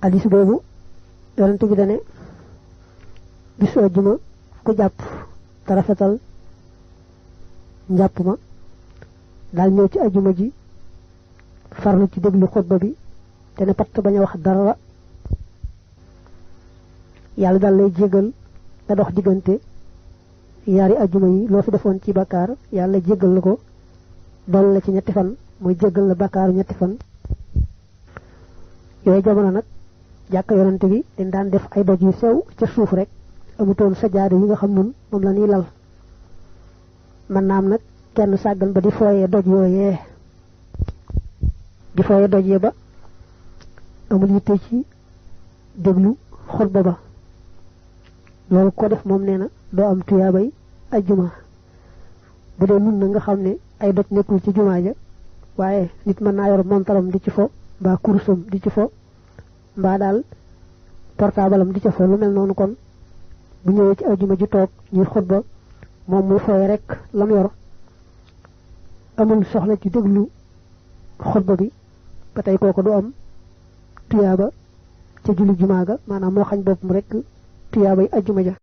addis boobu yonent bi dane bisu àjjuma ku jàpp te rafetal njàpp ma daal ñëw ci àjjuma ji farlu ci déglu xutba bi te ne patt bañ a wax dara yàlla daal lay jégal nga dox diggante yaari àjjuma yi loo fi defoon ci bàkkaar yàlla jégal la ko dool la ci ñetti fan mooy jégal la bàkkaaru ñetti fan yooyu jamono nag jàkka yonante bi dañ daan def ay doj yu sew ca suuf rek amutoon sajaada yi nga xam nun moom la ñuy lal mën naam nag kenn sàggan ba di fooyee doj yooyee di fooyee doj ye ba amul yitte ci déglu xutba ba loolu ko def moom nee na doo am tuyaabay ay juma bu dee nun na nga xam ne ay doj nekkul ci jumaa ja waaye nit mën naa yor montaram di ci fo mbaa kursam di ci fo mbaa daal portable am di ca fo lu mel noonu kon bu ñëwee ci ajuma ji toog ñuy xutba moom muy fooye rek lam yor amul soxla ci déglu xutba bi ba tey kooku du am tuyaaba ca julli jumaa ga maanaam moo xañ boppam rek tuyaabay ajuma ja